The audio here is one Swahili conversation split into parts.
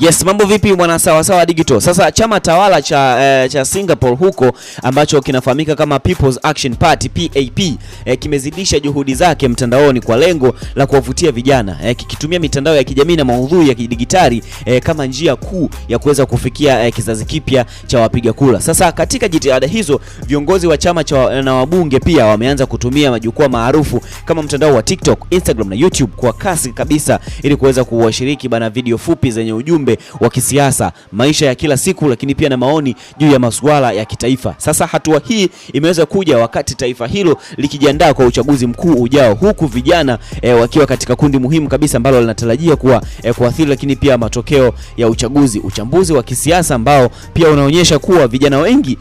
Yes, mambo vipi bwana, sawa sawa digital. Sasa chama tawala cha eh, cha Singapore huko ambacho kinafahamika kama People's Action Party PAP eh, kimezidisha juhudi zake mtandaoni kwa lengo la kuwavutia vijana eh, kikitumia mitandao ya kijamii na maudhui ya kidigitali eh, kama njia kuu ya kuweza kufikia eh, kizazi kipya cha wapiga kura. Sasa katika jitihada hizo viongozi wa chama cha eh, na wabunge pia wameanza kutumia majukwaa maarufu kama mtandao wa TikTok, Instagram na YouTube kwa kasi kabisa ili kuweza kuwashiriki bana video fupi zenye ujumbe ujumbe wa kisiasa, maisha ya kila siku, lakini pia na maoni juu ya masuala ya kitaifa. Sasa hatua hii imeweza kuja wakati taifa hilo likijiandaa kwa uchaguzi mkuu ujao, huku vijana eh, wakiwa katika kundi muhimu kabisa ambalo linatarajia kuwa eh, kuathiri lakini pia matokeo ya uchaguzi. Uchambuzi wa kisiasa ambao pia unaonyesha kuwa vijana wengi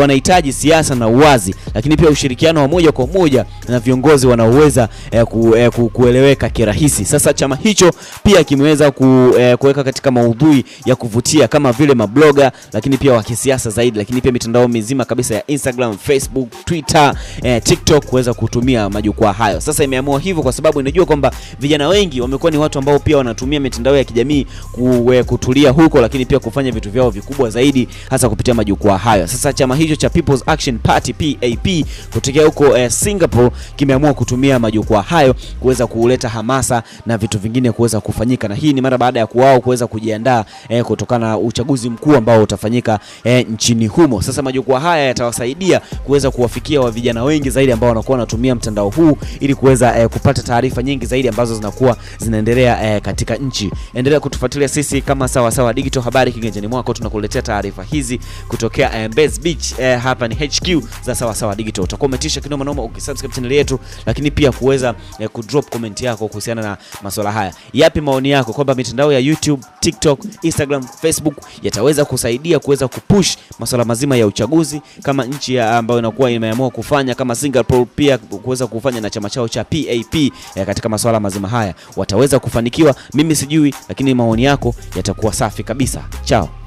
wanahitaji siasa na uwazi, lakini pia ushirikiano wa moja kwa moja na viongozi wanaoweza eh, ku, e, kueleweka kirahisi. Sasa chama hicho pia kimeweza ku, eh, kuweka katika maudhui ya kuvutia kama vile mabloga, lakini pia wa kisiasa zaidi, lakini pia mitandao mizima kabisa ya Instagram, Facebook, Twitter, eh, TikTok kuweza kutumia majukwaa hayo. Sasa imeamua hivyo kwa sababu inajua kwamba vijana wengi wamekuwa ni watu ambao pia wanatumia mitandao ya kijamii kuwe kutulia huko, lakini pia kufanya vitu vyao vikubwa zaidi hasa kupitia majukwaa hayo. Sasa chama hicho cha People's Action Party PAP kutokea huko eh, Singapore kimeamua kutumia majukwaa hayo kuweza kuleta hamasa na vitu vingine kuweza kufanyika, na hii ni mara baada ya kuwao kuweza kuji kujiandaa eh, kutokana na uchaguzi mkuu ambao utafanyika eh, nchini humo. Sasa majukwaa haya yatawasaidia kuweza kuwafikia wa vijana wengi zaidi ambao wanakuwa wanatumia mtandao huu ili kuweza eh, kupata taarifa nyingi zaidi ambazo zinakuwa zinaendelea eh, katika nchi. Endelea kutufuatilia sisi kama Sawa Sawa Digital, habari kiganjani mwako, tunakuletea taarifa hizi kutokea eh, Mbezi Beach eh, hapa ni HQ za Sawa Sawa Digital. Utakuwa umetisha kinoma noma ukisubscribe channel yetu, lakini pia kuweza eh, kudrop comment yako kuhusiana na masuala haya. Yapi maoni yako kwamba mitandao ya YouTube TikTok, Instagram, Facebook yataweza kusaidia kuweza kupush masuala mazima ya uchaguzi kama nchi ambayo inakuwa imeamua kufanya kama Singapore, pia kuweza kufanya na chama chao cha PAP eh, katika masuala mazima haya wataweza kufanikiwa. Mimi sijui, lakini maoni yako yatakuwa safi kabisa. Chao.